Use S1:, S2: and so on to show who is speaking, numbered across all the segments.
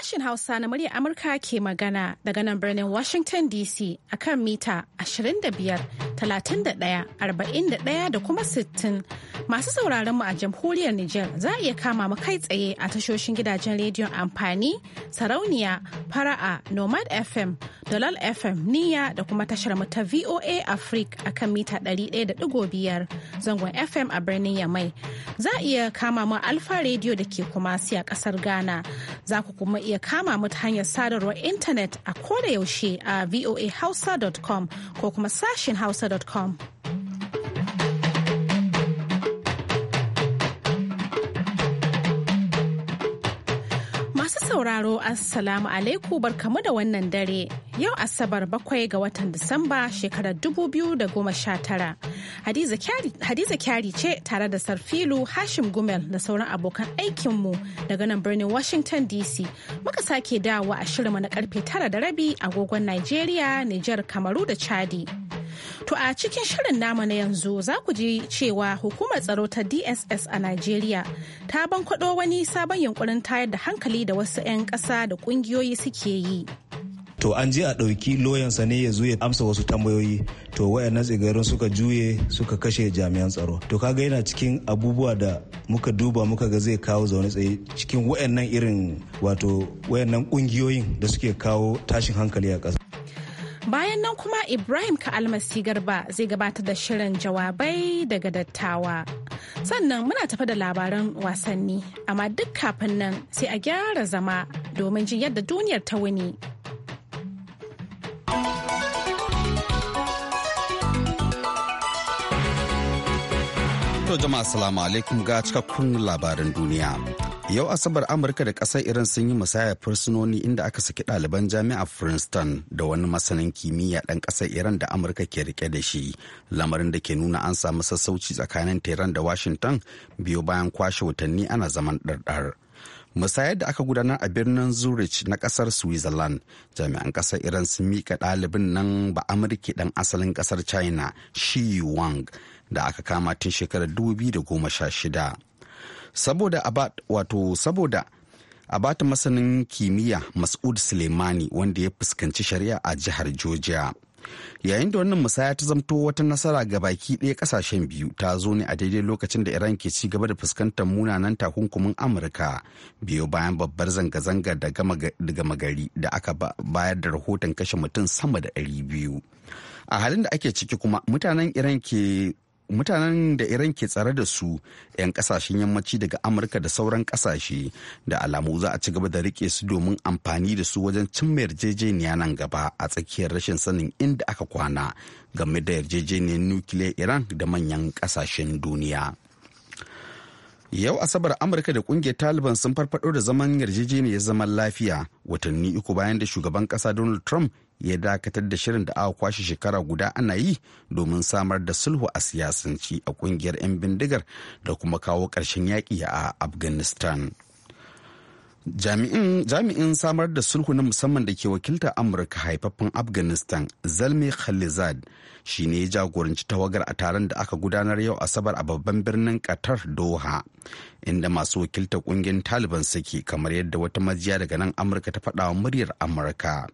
S1: Sashen Hausa na murya Amurka ke magana daga nan birnin Washington DC a kan mita 25, 31, da kuma 60. Masu sauraron mu a jamhuriyar Nijar za a iya kama mu kai tsaye a tashoshin gidajen rediyon amfani, sarauniya, fara'a, Nomad FM, Dalal FM, Niya da kuma tashar mu ta VOA Africa kan mita 100.5 zangon FM a birnin Yamai. Za a iya kama mu Alfa rediyo da ke kuma a kasar Ghana. Za ku kuma iya kama mu ta hanyar sadarwar intanet a koda yaushe a voahausa.com ko kuma sashin hausa.com. sauraro Assalamu alaikum barkamu da wannan dare. Yau Asabar bakwai ga watan Disamba shekarar 2019. Hadiza kyari ce tare da Sarfilu Hashim Gumel da sauran abokan aikinmu daga nan birnin Washington DC. Muka sake dawa a shirin na karfe tara da rabi agogon Nigeria, Nijar, Kamaru da Chadi. To a cikin shirin nama na yanzu za ku ji cewa hukumar tsaro ta DSS a Najeriya ta bankwado wani sabon yunkurin tayar da hankali da wasu 'yan ƙasa da ƙungiyoyi suke yi.
S2: to an je a ɗauki loyansa ne ya zo ya amsa wasu tambayoyi to wayannan tsigarin suka juye suka kashe jami'an tsaro to kaga yana cikin abubuwa da muka duba muka ga zai kawo zaune tsaye cikin wayannan irin wato wayannan ƙungiyoyin da suke kawo tashin hankali a ƙasa
S1: Bayan nan kuma Ibrahim ka Almasi Garba zai gabatar da shirin jawabai daga dattawa. Sannan muna tafa da labaran wasanni, amma duk kafin nan sai a gyara zama domin jin yadda duniyar ta wuni.
S3: To jama'a salamu alaikum ga cikakkun labaran duniya. Yau Asabar Amurka da ƙasar Iran sun yi musayar fursunoni inda aka saki ɗaliban jami'a Princeton da wani masanin kimiyya ɗan ƙasar Iran da Amurka ke rike da shi. Lamarin da ke nuna an samu sassauci tsakanin Tehran da Washington biyu bayan kwashe watanni ana zaman ɗarɗar. musayar da aka gudanar a birnin zurich na kasar switzerland jami'an kasar iran sun mika ɗalibin nan ba amurki dan asalin kasar china shi wang da aka kama tun shekarar 2016 saboda abat wato saboda abata masanin kimiyya mas'ud suleimani wanda ya fuskanci shari'a a jihar georgia yayin da wannan musaya ta zamto wata nasara ga baki ɗaya ƙasashen biyu ta zo ne a daidai lokacin da iran ke ci gaba da fuskantar munanan takunkumin amurka biyo bayan babbar zanga-zanga da gama gari da aka bayar da rahoton kashe mutum sama da 200 a halin da ake ciki kuma mutanen iran ke mutanen da iran ke tsare da su 'yan kasashen yammaci daga amurka da sauran kasashe da alamu za a ci gaba da rike su domin amfani da su wajen cimma yarjejeniya nan gaba a tsakiyar rashin sanin inda aka kwana game da yarjejeniyar nukiliyar iran da manyan kasashen duniya yau asabar amurka da kungiyar taliban sun farfado da zaman yarjejeniyar zaman lafiya watanni uku bayan da shugaban kasa donald trump ya dakatar da shirin da aka kwashe shekara guda ana yi domin samar da sulhu a siyasanci a kungiyar 'yan bindigar da kuma kawo ƙarshen yaƙi a afghanistan jami'in samar da sulhu na musamman da ke wakiltar amurka haifaffen afghanistan zalmi khalizad shi ne ya jagoranci tawagar a taron da aka gudanar yau asabar a babban birnin qatar doha inda masu wakiltar kungiyar taliban suke kamar yadda wata majiya daga nan amurka ta faɗawa muryar amurka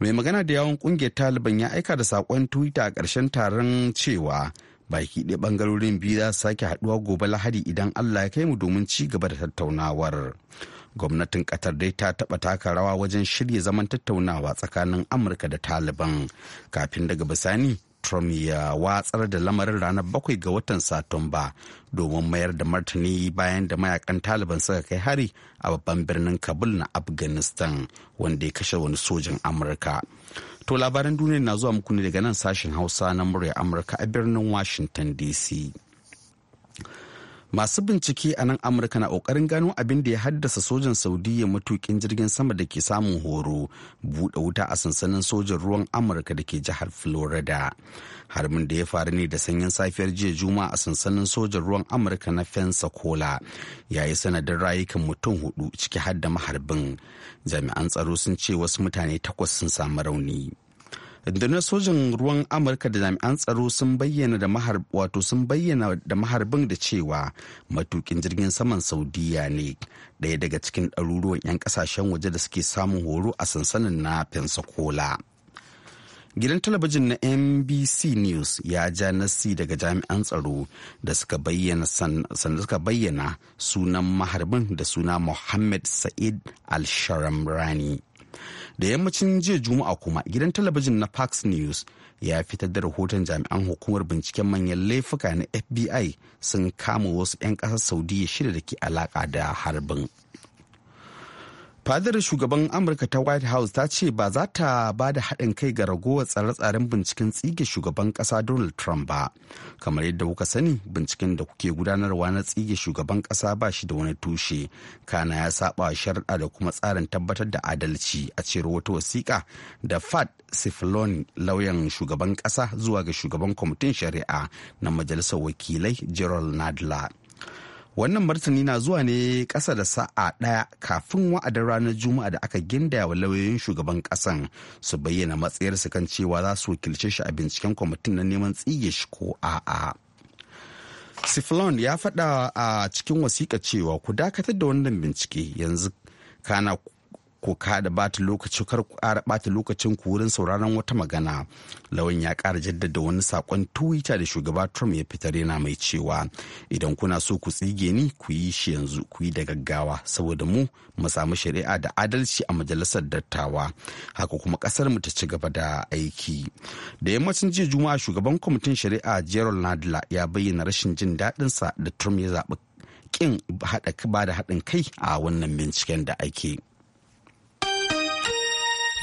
S3: mai magana da yawon kungiyar taliban ya aika da saƙon twitter a ƙarshen taron cewa baki ɗaya ɓangarorin biyu za su sake haɗuwa gobe lahadi idan allah ya kai mu domin ci gaba da tattaunawar gwamnatin katar dai ta taɓa taka rawa wajen shirya zaman tattaunawa tsakanin amurka da taliban kafin daga bisani Trump ya watsar da lamarin ranar bakwai ga watan Satumba domin mayar da martani bayan da mayakan Taliban suka kai hari a babban birnin Kabul na Afghanistan wanda ya kashe wani sojin Amurka. To labaran duniya na zuwa muku ne daga nan sashen Hausa na murya Amurka a birnin Washington DC. masu bincike a nan amurka na ƙoƙarin gano abin da ya haddasa sojan saudiya matukin jirgin sama da ke samun horo buɗe wuta a sansanin sojan ruwan amurka da ke jihar florida harbin da ya faru ne da sanyin safiyar jiya juma'a a sansanin sojan ruwan amurka na pensacola ya yi sanadin rayukan mutum hudu ciki har da maharbin jami'an tsaro sun ce wasu mutane takwas sun samu rauni na sojin ruwan amurka da jami'an tsaro sun bayyana da mahar wato sun bayyana da maharbin da cewa matukin jirgin saman saudiya ne daya daga cikin ɗaruruwan 'yan kasashen waje da suke samun horo a sansanin na pensacola gidan talabijin na nbc news ya ja nasi daga jami'an tsaro da suka bayyana san, suka bayyana sunan maharbin da suna mohammed sa'id al-sharamrani da yammacin jiya juma'a kuma gidan talabijin na fox news ya fitar da rahoton jami'an hukumar binciken manyan laifuka na fbi sun kama wasu 'yan ƙasar saudiya shida da ke alaka da harbin fadar shugaban amurka ta white house ta ce ba za ta ba da haɗin kai ga ragowar tsare-tsaren binciken tsige shugaban ƙasa donald trump ba kamar yadda kuka sani binciken da kuke gudanarwa na tsige shugaban ƙasa ba shi da wani tushe kana ya saba shari'a da kuma tsarin tabbatar da adalci a cewar wata wasiƙa da fat sifilon lauyan shugaban ƙasa zuwa ga shugaban kwamitin shari'a na majalisar wakilai gerald nadler wannan martani na zuwa ne ƙasa da sa'a ɗaya kafin wa'adin ranar juma'a da aka gindaya wa lauyoyin shugaban ƙasan su bayyana matsayarsu kan cewa za su wakilce shi a binciken kwamitin na neman tsige shi ko a'a. Siflon ya faɗa a cikin wasiƙa cewa ku dakatar da wannan bincike yanzu kana ko da bata lokaci kar bata lokacin ku wurin sauraron wata magana lawan ya ƙara jaddada wani sakon twitter da shugaba trump ya fitar yana mai cewa idan kuna so ku tsige ni ku yi shi yanzu ku yi da gaggawa saboda mu mu samu shari'a da adalci a majalisar dattawa haka kuma kasar mu ta ci gaba da aiki da yammacin jiya juma'a shugaban kwamitin shari'a gerald nadler ya bayyana rashin jin daɗinsa da trump ya zaɓi kin ba da haɗin kai a wannan binciken da ake.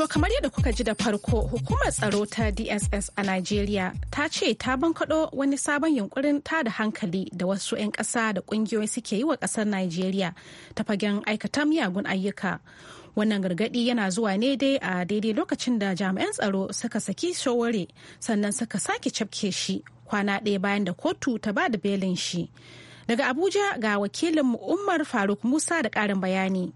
S1: To kamar yadda kuka ji da farko hukumar tsaro ta DSS a Najeriya ta ce ta bankaɗo wani sabon yunkurin da hankali da wasu 'yan ƙasa da ƙungiyoyi suke yi wa ƙasar Najeriya ta fagen aikatan miyagun ayyuka. Wannan gargaɗi yana zuwa ne dai a daidai lokacin da jami'an tsaro suka saki shaware sannan suka sake cafke shi kwana ɗaya bayan da kotu ta ba da belin shi. Daga Abuja ga wakilin Umar Faruk Musa da ƙarin bayani.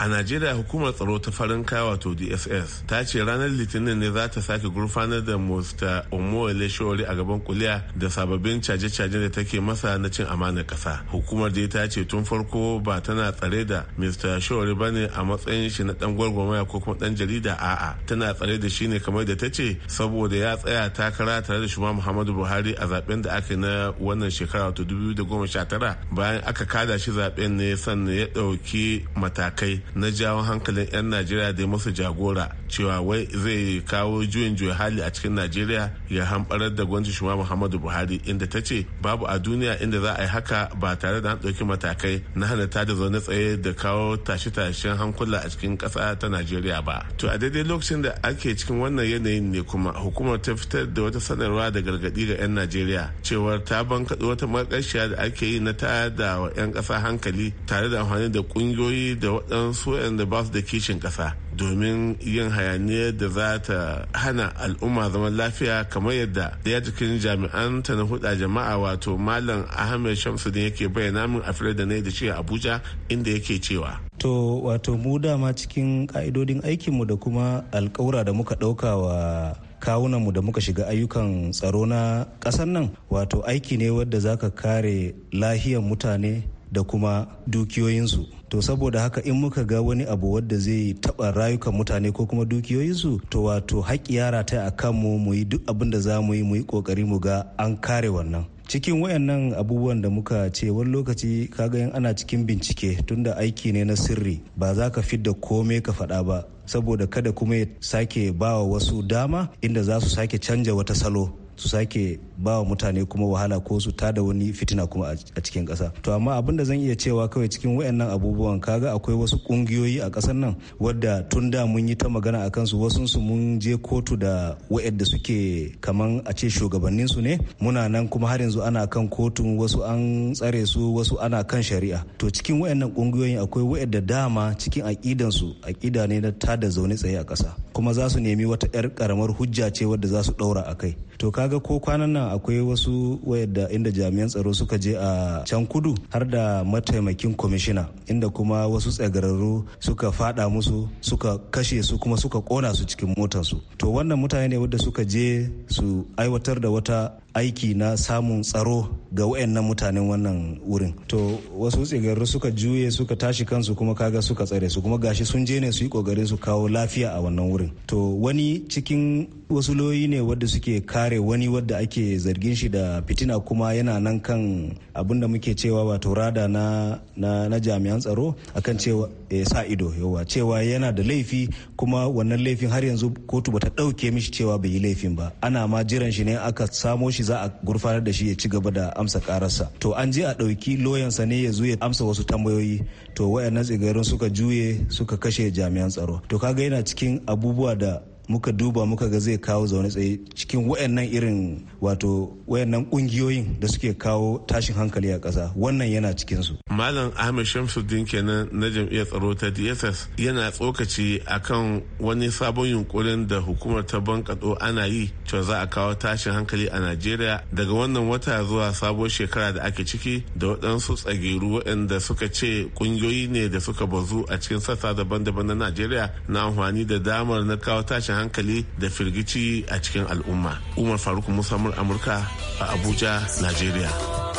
S4: a najeriya hukumar tsaro ta farin kaya wato dss ta ce ranar litinin ne za ta sake gurfanar da musta omoyele shori a gaban kuliya da sababbin caje-caje da take masa na cin amanar kasa hukumar dai ta ce tun farko ba tana tsare da mr shori ba ne a matsayin shi na dan gwagwamaya ko kuma dan jarida a'a tana tsare da shi ne kamar da ta ce saboda ya tsaya takara tare da shuma muhammadu buhari a zaben da aka na wannan shekara wato 2019 bayan aka kada shi zaben ne sannan ya dauki matakai na jawo hankalin 'yan najeriya da masa jagora cewa wai zai kawo juyin juya hali a cikin najeriya ya hamɓarar da gwamnati shuma muhammadu buhari inda ta ce babu a duniya inda za a yi haka ba tare da an ɗauki matakai na hana ta da zaune tsaye da kawo tashe-tashen hankula a cikin ƙasa ta najeriya ba to a daidai lokacin da ake cikin wannan yanayin ne kuma hukumar ta fitar da wata sanarwa da gargaɗi ga 'yan najeriya cewar ta bankaɗo wata makarciya da ake yi na tayar da 'yan ƙasa hankali tare da amfani da ƙungiyoyi da waɗansu wajen su da ba su da kishin ƙasa domin yin hayaniyar da za ta hana al'umma zaman lafiya kamar yadda ya cikin jami'an ta na huda jama'a wato malam ahmed shamsuddin yake bayyana min a da na da shi a abuja inda yake cewa
S2: to wato mu dama cikin ka'idodin aikinmu da kuma alkawura da muka ɗauka wa kawunanmu da muka shiga ayyukan tsaro na ƙasar nan wato aiki ne wadda zaka kare lahiyar mutane da kuma dukiyoyinsu to saboda haka in muka ga wani abu wadda zai taɓa rayukan mutane ko kuma dukiyoyinsu to wato haƙƙi yara ta a kanmu mu yi duk abin da za mu yi mu yi ƙoƙari mu ga an kare wannan cikin wayannan abubuwan da muka ce wani lokaci kaga yin ana cikin bincike tunda aiki ne na sirri ba za ka fidda komai ka faɗa ba saboda kada kuma ya sake bawa wasu dama inda za su sake canja wata salo su sake ba wa mutane kuma wahala ko su ta da wani fitina kuma a cikin kasa to amma abin da zan iya cewa kawai cikin wayannan abubuwan kaga akwai wasu ƙungiyoyi a ƙasar nan wadda tun da mun yi ta magana a kansu wasu su mun je kotu da wayanda suke kaman a ce shugabannin su ne muna nan kuma har yanzu ana kan kotun wasu an tsare su wasu ana kan shari'a to cikin wayannan ƙungiyoyi akwai wayanda dama cikin aƙidan su aƙida ne na ta da zaune tsaye a kasa kuma za su nemi wata 'yar ƙaramar hujja ce wadda za su ɗaura a kai to kaga ko kwanan nan akwai wasu wayanda inda jami'an tsaro suka je a can kudu har da mataimakin kwamishina inda kuma wasu tsagararru suka fada musu suka kashe su kuma suka kona su cikin motarsu to wannan mutane ne wadda suka je su aiwatar da wata aiki na samun tsaro ga wayannan mutanen wannan wurin to wasu tsigarru suka juye suka tashi kansu kuma kaga suka tsare su kuma gashi sun je ne su yi kokarin su kawo lafiya a wannan wurin to wani cikin wasu loyi ne wadda suke kare wani wadda ake zargin shi da fitina kuma yana nan kan abin da muke cewa wato rada na na, na jami'an tsaro akan cewa e, sa ido yawa cewa yana da laifi kuma wannan laifin har yanzu kotu bata dauke mishi cewa bai yi laifin ba ana ma jiran shi ne aka samo shi shi za a gurfanar da shi ya ci gaba da amsa kararsa to an je a ɗauki loyansa ne ya zo ya amsa wasu tambayoyi to wayannan tsigarin suka juye suka kashe jami'an tsaro to kaga yana cikin abubuwa da muka duba muka ga zai kawo zaune tsaye cikin wayannan irin wato wayannan kungiyoyin da suke kawo tashin hankali a ƙasa wannan yana cikin su
S4: malam ahmed shamsuddin kenan na jam'iyyar tsaro ta dss yana tsokaci akan wani sabon yunkurin da hukumar ta bankaɗo ana yi cewa za a kawo tashin hankali a najeriya daga wannan wata zuwa sabuwar shekara da ake ciki da waɗansu tsagiru waɗanda suka ce ƙungiyoyi ne da suka bazu a cikin sassa daban-daban na najeriya na amfani da damar na kawo tashin hankali da firgici a cikin al'umma umar faruk musamman amurka a abuja najeriya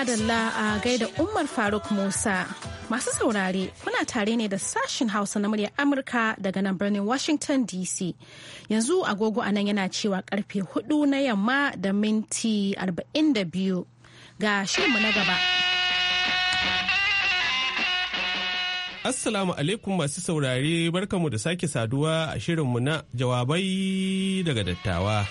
S1: madalla a gaida Umar Faruk Musa. Masu saurare kuna tare ne da sashen Hausa na murya Amurka daga nan birnin Washington DC. Yanzu agogo a nan yana cewa karfe hudu na yamma da minti 42 ga shirinmu na gaba.
S5: Assalamu alaikum masu saurare barkamu da sake saduwa a shirinmu na jawabai daga dattawa.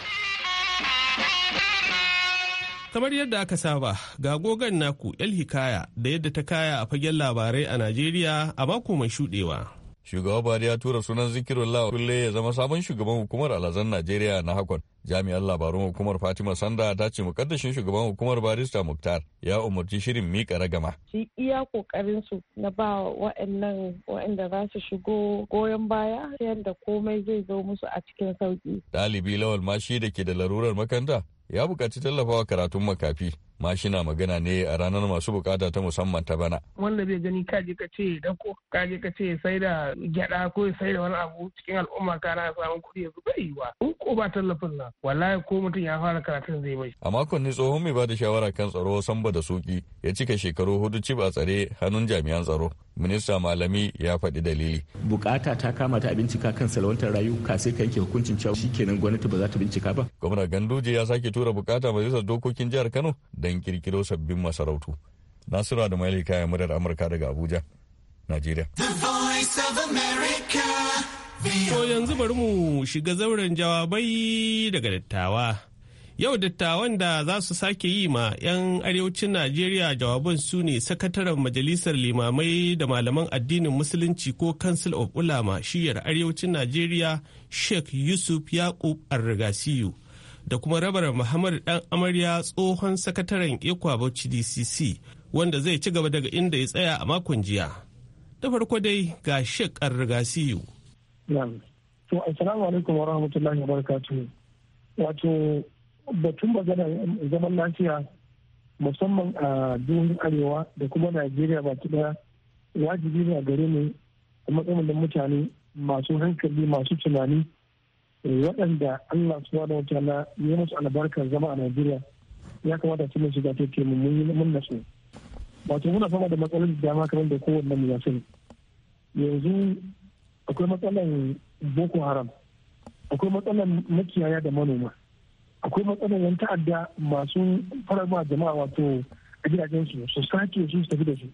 S5: Kamar yadda aka saba, ga gogan naku Hikaya da yadda ta kaya a fagen labarai a Najeriya a mako mai shudewa. Shugaba bari ya tura sunan zikirullah kulle ya zama sabon shugaban hukumar alazan Najeriya na hakon. Jami'an labarun hukumar Fatima Sanda ta ce mukaddashin shugaban hukumar Barista Muktar ya umarci shirin mika ragama.
S1: Shi iya kokarin su na ba wa'annan wa'anda za su shigo goyon baya yadda komai zai zo musu a cikin sauki.
S5: Dalibi Lawal Mashi da ke da larurar makanta ya buƙaci tallafawa karatun makafi mashina magana ne a ranar masu bukata ta musamman ta bana. Wanda bai gani kaje ka ce dan ko ka ka ce sai da gyada ko sai da wani abu cikin al'umma ka na samun kuɗi yanzu bai yi ba. In ko ba tallafin nan wallahi ko mutum ya fara karatun zai bai. A makon ne tsohon mai bada shawara kan tsaro Samba da Suki ya cika shekaru hudu ci ba tsare hannun jami'an tsaro. Minista Malami ya faɗi dalili. Bukata ta kama ta bincika kan salwantar rayuka sai ka yanke hukuncin cewa kenan gwamnati ba za ta bincika ba. Gwamnan Ganduje ya sake tura bukata majalisar dokokin jihar Kano da don kirkiro sabbin masarautu. nasiru da Malika ya murar Amurka daga Abuja, Najeriya. To yanzu bari mu shiga zauren jawabai daga dattawa. Yau dattawan da za su sake yi ma 'yan arewacin Najeriya jawaban su ne sakataren Majalisar Limamai da Malaman Addinin Musulunci ko Council of Ulama shiyar arewacin Najeriya Sheikh Yusuf Yakub Arrigasiyu. da kuma rabar muhammad dan amarya tsohon sakataren ikwa bauchi dcc wanda zai ci gaba daga inda ya tsaya a makon jiya da farko dai ga shek an
S6: to assalamu alaikum wa rahmatullahi wa wato batun zaman lafiya musamman a duhun arewa da kuma najeriya baki daya wajibi ne a gare mu a matsayin mutane masu hankali masu tunani waɗanda Allah subhanahu wa na ya musu albarkar zama a Najeriya ya kamata su mun shiga take mu mun mun nasu wato muna fama da matsalar da dama kamar da kowanne mu ya sani yanzu akwai matsalar Boko Haram akwai matsalar makiyaya da manoma akwai matsalar yan ta'adda masu farama jama'a wato a gidajen su su sake su tafi da su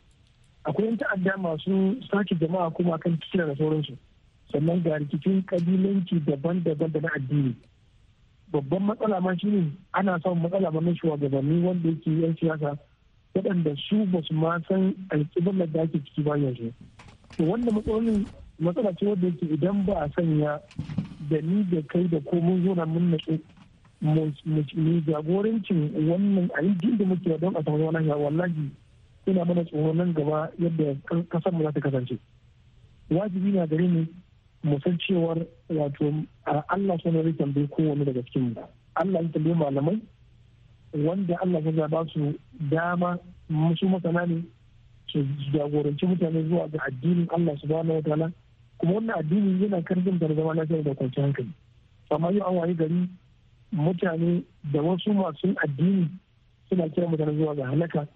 S6: akwai yan ta'adda masu sake jama'a kuma kan kira da sauransu sannan ga rikicin kabilanci daban-daban da na addini babban matsala ma shine ana samun matsala ma na shugabanni wanda yake yan siyasa waɗanda su ba su ma san alƙibar da ake ciki ba yanzu to wanda matsalolin matsala ce wanda yake idan ba a sanya da ni da kai da ko mun zo na mun natsu mu jagorancin wannan a yi da muke don a samu zama lafiya wallahi ina mana tsoro nan gaba yadda kasar mu za ta kasance wajibi na gare ne musan cewar wato Allah sanar zai tambayi kowane daga cikin mu Allah ya tambayi malamai wanda Allah ya ba su dama musu masana ne su jagoranci mutane zuwa ga addinin Allah su wata wataala kuma wannan addini yana karfin da zama lafiya da kwanci hankali amma yau an wayi gari mutane da wasu masu addini suna kira mutane zuwa ga halaka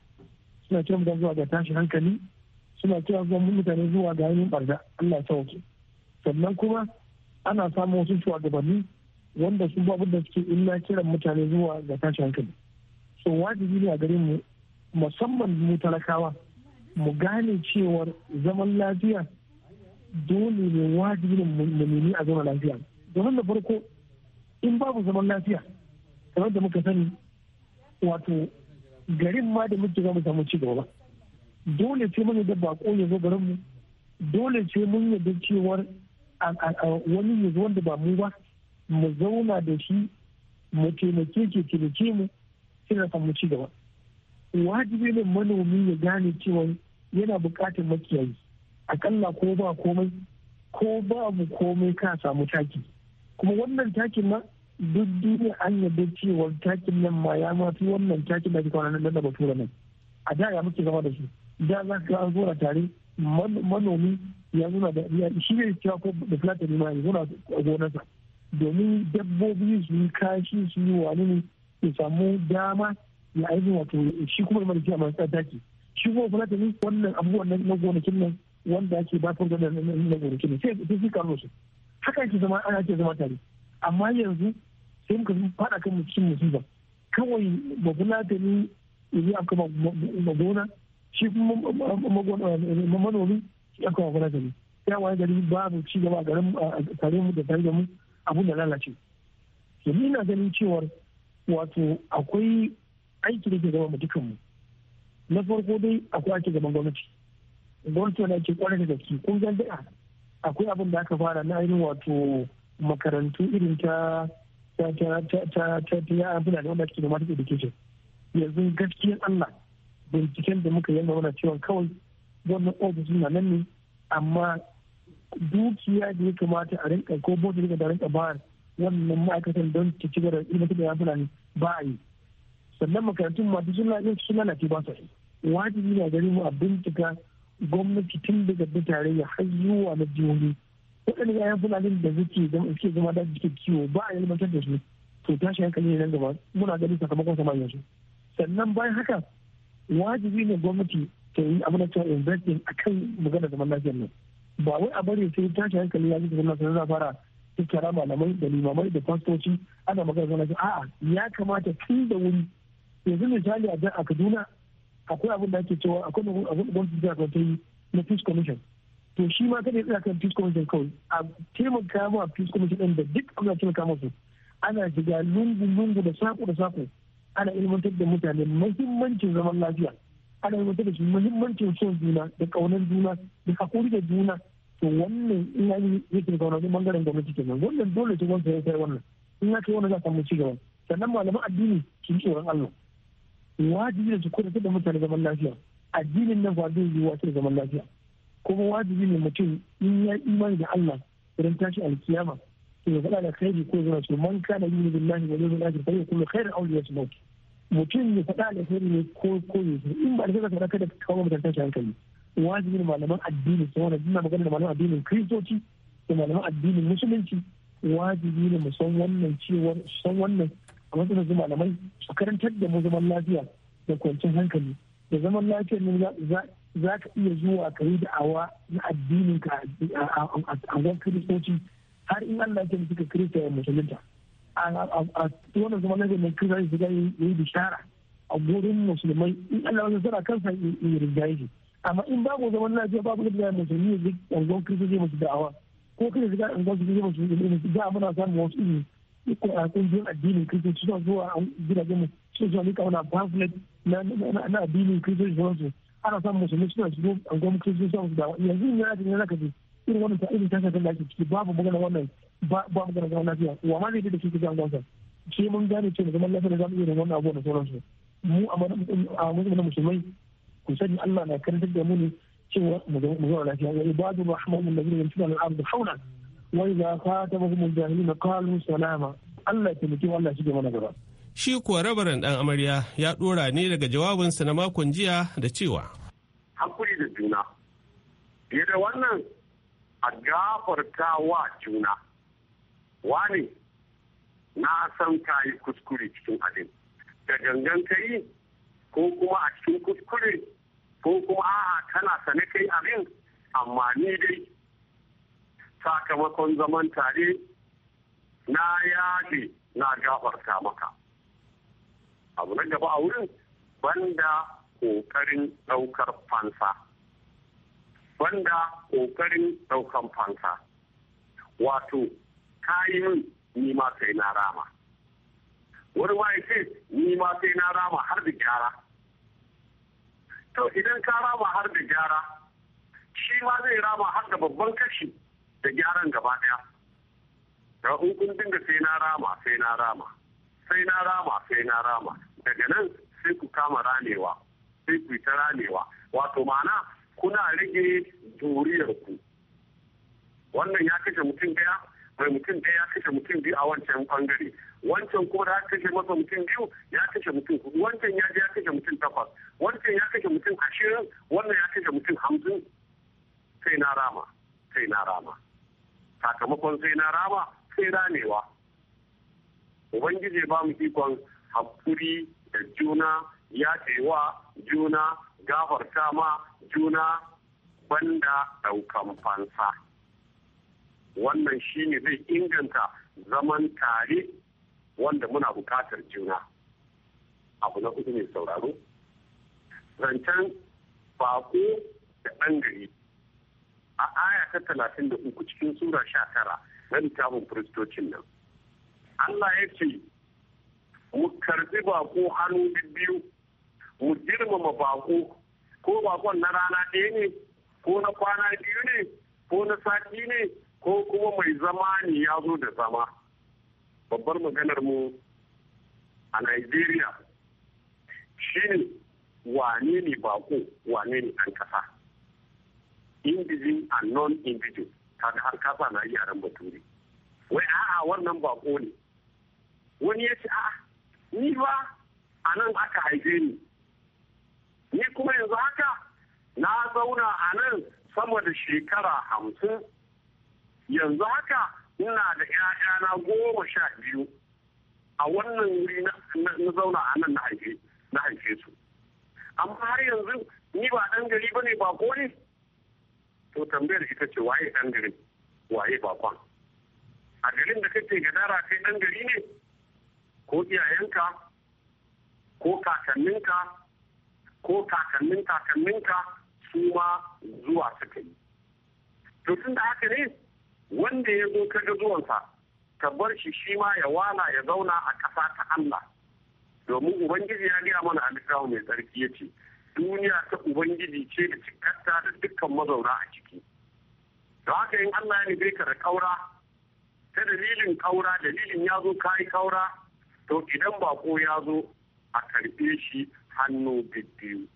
S6: suna kira mutane zuwa ga tashi hankali suna kira mutane zuwa ga yin barda Allah ya sauke sannan kuma ana samun wasu shugabanni wanda su babu da suke illa kiran mutane zuwa ga tashi hankali so wajibi ne a gare mu musamman mu talakawa mu gane cewar zaman lafiya dole ne wajibi ne mu nemi a zaman lafiya domin da farko in babu zaman lafiya kamar da muka sani wato garin ma da muke za samu ci gaba dole ce mun yadda bako ya zo garin mu dole ce mun yadda cewar wani yanzu wanda ba mu ba mu zauna da shi mu taimake ke taimake mu suna na samu ci gaba wajibi ne manomi ya gane cewa yana buƙatar makiyayi akalla ko ba komai ko ba mu komai ka samu taki kuma wannan takin ma duk duniya an yadda cewa takin nan ma ya mafi wannan takin da kwanan nan da tura nan a da ya muke zama da shi da za ka zo da tare manomi ya nuna da shi ne ko da fulata ne ma ya a gonarsa domin dabbobi su yi kashi su yi wani ne su samu dama ya aiki wato shi kuma mai kiya masu tsaki shi kuma fulata ne wannan abubuwan na gonakin nan wanda ake ba furta da na gonakin nan sai fi karo su haka ke zama ana ake zama tare amma yanzu sai muka faɗa kan mutum musiba kawai ba fulata ne ya yi kama magona shi kuma manomi ya kuma gona gari sai wani gari babu ci gaba garin tare mu da tare da mu abu da lalace to ni na ganin cewar wato akwai aiki da ke gaba mu dukkan mu na farko dai akwai aiki gaban gwamnati gwamnati wani aiki kwarai da gaske kun gan da'a akwai abin da aka fara na ainihin wato makarantu irin ta ta ta ta ta ta ya abu da wanda ake da education yanzu gaskiyar Allah binciken da muka yi mana cewa kawai wannan ofis na nan ne amma dukiya da ya kamata a rinka ko bota da rinka bayar wannan ma'aikatan don ta ci gaba da ilimin da yafuna ne ba a yi sannan makarantun masu suna yin suna na ba sa yi wajibi na gari mu a bincika gwamnati tun daga da tarayya har zuwa na jihohi waɗanda yi fulanin da suke zama suke zama da suke kiwo ba a yi ilmantar da su to tashi hankali ne nan gaba muna ganin sakamakon sama yanzu sannan bayan haka wajibi ne gwamnati abin da cewa investing a kan magana zaman lafiyar nan ba wai a bari sai tashi hankali ya zuka zaman lafiyar za fara tattara malamai da limamai da fastoci ana magana zaman lafiyar a'a ya kamata tun da wuri yanzu misali a jan a kaduna akwai abin da ake cewa akwai abin da gwamnati ta ta yi na peace commission to shi ma kada ya tsaya kan peace commission kawai a taimaka ma peace commission ɗin da duk abin da taimaka musu ana shiga lungu-lungu da sako da sako ana ilmantar da mutane muhimmancin zaman lafiya ana yi da shi muhimmancin son juna da ƙaunar juna da hakuri da juna to wannan in ya yi yake zauna wani bangaren gwamnati kenan wannan dole ce wanda ya kai wannan in ya kai wannan za a samu cigaba sannan malaman addini sun yi tsoron Allah wajibi da su kudu da mutane zaman lafiya addinin nan ba zai yi wasu da zaman lafiya kuma wajibi ne mutum in ya imani da Allah idan tashi alkiyama to ya faɗa da kai ko zuwa su man kana yi billahi wa yawmil kuma kai da aure awliya su mauki mutum ya faɗa da alheri ne ko ko ya ce in ba alheri ka faɗa kada ka kawo mutum shi hankali wajibin malaman addini sai wannan ina magana da malaman addinin kristoci da malaman addinin musulunci wajibi ne mu san wannan cewar san wannan a matsayin su malamai su karantar da mu zaman lafiya da kwanciyar hankali da zaman lafiyar ne za ka iya zuwa ka yi da'awa na addinin ka a wani kiristoci har in Allah ya ce suka kirista ya musulunta a wannan zaman lafiya mai kirista shiga zai yi bishara a gurin musulmai in Allah ya zara kansa ya rinjaye shi amma in babu zaman lafiya babu yadda musulmi ya yanzu kirki zai musu da'awa ko zai shiga in kirki zai musu ilimi da muna samun wasu ne ikon ilimi kungiyoyin addinin kristoci suna zuwa a gidajen mu su zuwa nika wani pamphlet na addinin kristoci da wasu ana samun musulmi suna shigo a kirki kristoci suna su da'awa yanzu ne na jini na kaji irin wannan ta irin ta lafiya ciki babu magana wannan ba mu gana zaman lafiya wa ma zai da shi kusa gwansa shi mun gane cewa zaman lafiya da mu iya da wannan abuwa da sauransu mu a musulmi musulmai ku sani Allah na karantar da mu ne cewa mu zama lafiya ya ibadu rahmanin da zai tuna al'abdu hauna wa kuma khatabahum jahiluna qalu salama Allah ya taimake Allah shi mana gaba
S5: shi kuwa rabaran dan amarya ya dora ne daga jawabinsa na makon jiya da cewa hakuri da juna
S7: fiye da wannan a gafarta wa juna wani na san ka yi kuskure cikin abin da gangan ka yi ko kuma a cikin kuskure ko kuma a'a kana sane kai abin amma ni dai sakamakon zaman tare na yaje na gafarta maka abu na gaba a wurin banda ƙoƙarin ɗaukar fansa banda ƙoƙarin ɗaukar fansa wato ka yi min ni ma sai na rama wani ma ya ce ni ma sai na rama har da gyara to idan ka rama har da gyara shi ma zai rama har da babban kashi da gyaran gaba ɗaya da in kun dinga sai na rama sai na rama sai na rama sai na rama daga nan sai ku kama ranewa sai ku ta ranewa wato ma'ana kuna rage duriyarku wannan ya kashe mutum daya bai mutum ɗaya ya kashe mutum biyu a wancan bangare wancan ko da kashe masa mutum biyu ya kashe mutum hudu wancan ya je ya kashe mutum takwas wancan ya kashe mutum ashirin wannan ya kashe mutum hamsin sai na rama sai na rama sakamakon sai na rama sai ramewa ubangiji ba mu ikon hakuri da juna ya wa juna gafarta ma juna banda daukan fansa. wannan shi ne zai inganta zaman tare wanda muna bukatar juna abu na uku ne sauraro zancen bako da ɗan gari a aya ta talatin da uku cikin sura sha tara na littafin firistocin nan allah ya ce mu karbi bako hannu biyu mu girmama bako ko bakon na rana ɗaya ne ko na kwana biyu ne ko na sati ne ko kuma mai zama ne ya zo da zama babbar maganar mu a Najeriya shine wane ne bako wane ne ɗan ƙasa indijin and non indijin kaga har kasa na yaren bature wai a'a wannan bako ne wani ya ce a ni ba a nan aka haife ni ni kuma yanzu haka na zauna a nan sama da shekara hamsin yanzu haka ina da 'ya'yana goma sha biyu a wannan wuri na zauna a nan na haife su amma har yanzu ni ba ɗan gari ba ne ba ko ne to tambayar ita ce waye ɗan gari waye bakon a garin da kake gadara kai ɗan gari ne ko iyayenka ko kakanninka ko kakannin kakanninka su ma zuwa suka yi to tun da haka ne wanda ya zo ka ga zuwansa ka bar shi shi ma ya wala ya zauna a ƙasa ta Allah domin ubangiji ya gaya mana a littafin mai tsarki ya ce duniya ta ubangiji ce da cikarta da dukkan mazauna a ciki da haka in Allah ya nufe ka da ƙaura ta dalilin ƙaura dalilin ya zo kayi ƙaura to idan bako ya zo a karɓe shi hannu biyu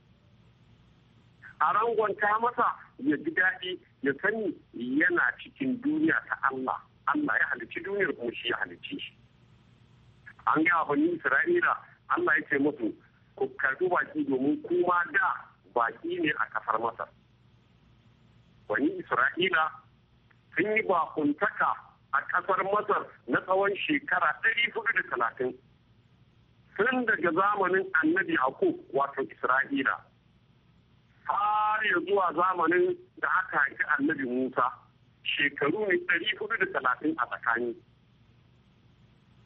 S7: a gwanta masa ya ji daɗi ya sani yana cikin duniya ta Allah Allah ya halicci duniyar kuma shi ya halicci shi an gaya wani Isra'ila Allah ya ce musu ku karbi baki domin kuma da baki ne a kasar Masar Wani Isra'ila sun yi bakuntaka a kasar Masar na tsawon shekara ɗari hudu da talatin Sun daga zamanin annabi Yakub wato Isra'ila har zuwa zamanin da aka haifi annabi Musa shekaru ne ɗari hudu da talatin a tsakani.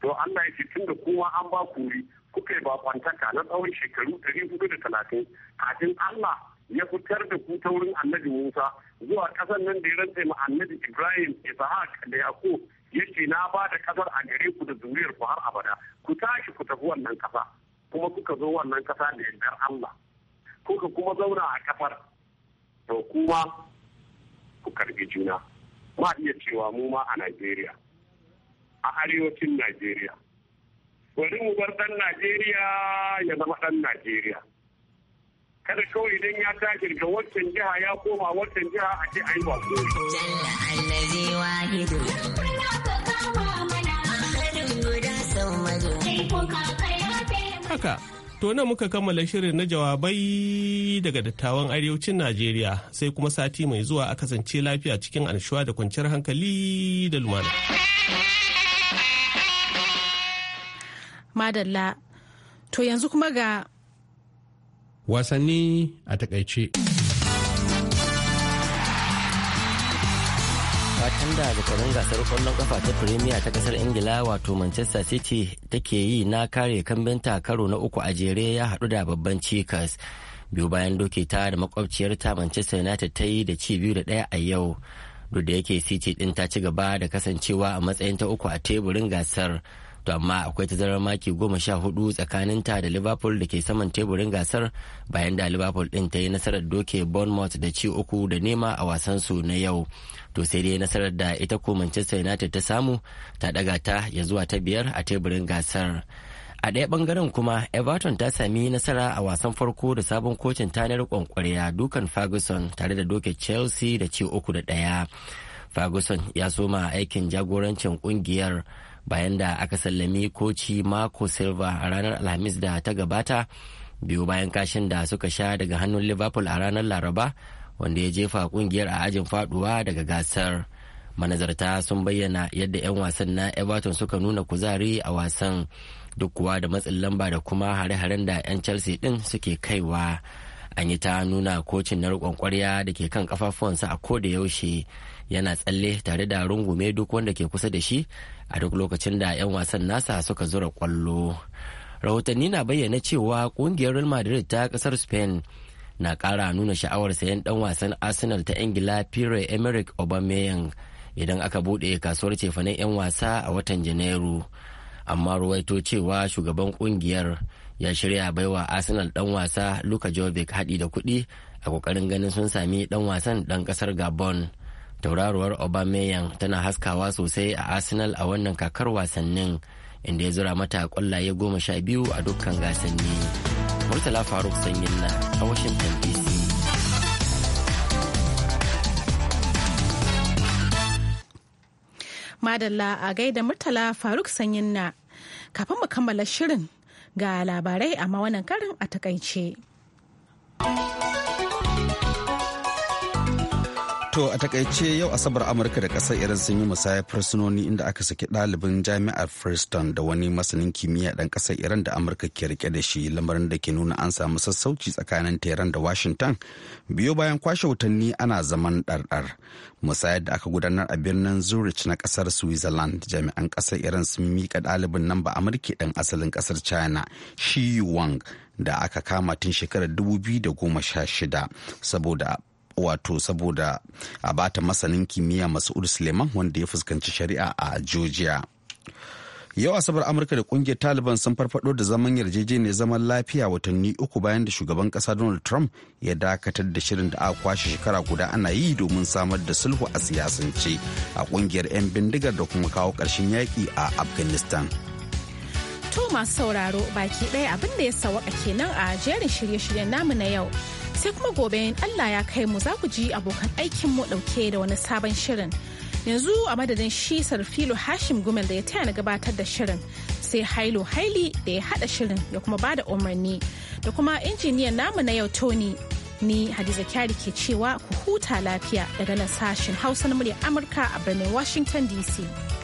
S7: To Allah ya ce tun da kuma an ba kuri kuka yi bakwantaka na tsawon shekaru ɗari hudu da talatin kafin Allah ya fitar da ku ta wurin annabi Musa zuwa ƙasar nan da ya rantse ma annabi Ibrahim Isahak da Yakub ya ce na ba da ƙasar a gare ku da zuriyar ku har abada ku tashi ku tafi wannan kasa kuma kuka zo wannan ƙasa da yardar Allah. ko ka kuma zauna a kafar to kuma ku karbi juna ba iya cewa mu ma a Najeriya a arewacin Najeriya bari mu bar dan Najeriya ya zama dan Najeriya kada kawai idan ya tashi ga wancan jiha ya koma wancan jiha a ce ai
S5: ba haka To nan muka kammala shirin na jawabai daga dattawan arewacin Najeriya sai kuma sati mai zuwa a kasance lafiya cikin anshuwa da kwanciyar hankali da lumana.
S1: Madalla, to yanzu kuma ga
S8: wasanni a takaice. kokarin da tsaron gasar kwallon kafa ta Premier ta kasar Ingila wato Manchester City take yi na kare kambinta karo na uku a jere ya haɗu da babban cikas. Biyu bayan doke ta da makwabciyarta Manchester United ta yi da ci biyu da ɗaya a yau. Duk da yake City din ta ci gaba da kasancewa a matsayin ta uku a teburin gasar. to amma akwai tazarar maki goma sha hudu tsakanin ta da liverpool da ke saman teburin gasar bayan da liverpool din ta yi nasarar doke bournemouth da ci uku da nema a wasansu na yau to sai dai nasarar da ita ko manchester united ta samu ta daga ta ya zuwa ta biyar a teburin gasar a ɗaya bangaren kuma everton ta sami nasara a wasan farko da sabon kocin tanar kwankwarya dukan ferguson tare da doke chelsea da ci uku da ɗaya ferguson ya soma aikin jagorancin kungiyar bayan da aka sallami koci marco silva a ranar alhamis da ta gabata biyu bayan kashin da suka sha daga hannun liverpool a ranar laraba wanda ya jefa kungiyar a ajin faduwa daga gasar manazarta sun bayyana yadda 'yan wasan na everton suka nuna kuzari a wasan duk kuwa da matsin lamba da kuma hare-haren da 'yan chelsea din suke kaiwa. an yi ta nuna kocin na rikon kwarya da ke kan kafafuwansa a ko da yaushe yana tsalle tare da rungume duk wanda ke kusa da shi a duk lokacin da 'yan wasan nasa suka zura kwallo rahotanni na bayyana cewa ƙungiyar real madrid ta ƙasar spain na kara nuna sha'awar sayan ɗan wasan arsenal ta ingila pierre emerick aubameyang idan aka buɗe kasuwar cefanen 'yan wasa a watan janairu amma ruwaito cewa shugaban ƙungiyar ya shirya baiwa arsenal dan wasa luka jovic hadi da kudi a kokarin ganin sun sami dan wasan dan kasar gabon tauraruwar obameyan tana haskawa sosai a arsenal a wannan kakar wasannin inda ya zura mata kwallaye goma sha biyu a dukkan gasanni murtala faruk sanyin na a washington dc
S1: madalla a gaida murtala faruk sanyin na kafin mu kammala shirin ga labarai amma wannan karin a takaice.
S3: To a takaice yau Asabar Amurka da kasar Iran sun yi musayar fursunoni inda aka saki ɗalibin jami'ar Princeton da wani masanin kimiyya dan ƙasar Iran da Amurka ke rike da shi lamarin da ke nuna an samu sassauci tsakanin Tehran da Washington biyo bayan kwashe watanni ana zaman ɗarɗar. Musayar da aka gudanar a birnin Zurich na kasar Switzerland jami'an kasar Iran sun mika ɗalibin nan ba Amurka ɗan asalin ƙasar China Shi Wang da aka kama tun shekarar 2016 saboda wato saboda a bata masanin kimiyya Mas'ud Suleiman wanda ya fuskanci shari'a a Georgia. Yau Asabar Amurka da kungiyar Taliban sun farfado da zaman yarjejeniyar zaman lafiya watanni uku bayan da shugaban kasa Donald Trump ya dakatar da shirin da aka kwashe shekara guda ana yi domin samar da sulhu a siyasance a kungiyar 'yan bindigar da kuma kawo karshen yaki a Afghanistan.
S1: To masu sauraro baki ɗaya abinda da ya sawaka kenan a jerin shirye-shiryen namu na yau. sai kuma gobe in Allah ya kai mu za ku ji abokan aikin mu dauke da wani sabon shirin. Yanzu a madadin shi Sarfilo Hashim Gumel da ya taya na gabatar da shirin sai Hailo Haili da ya hada shirin da kuma bada umarni da kuma injiniyan namu na yau Tony ni Hadiza Kyari ke cewa ku huta lafiya daga nan sashen Hausa na murya Amurka a birnin Washington DC.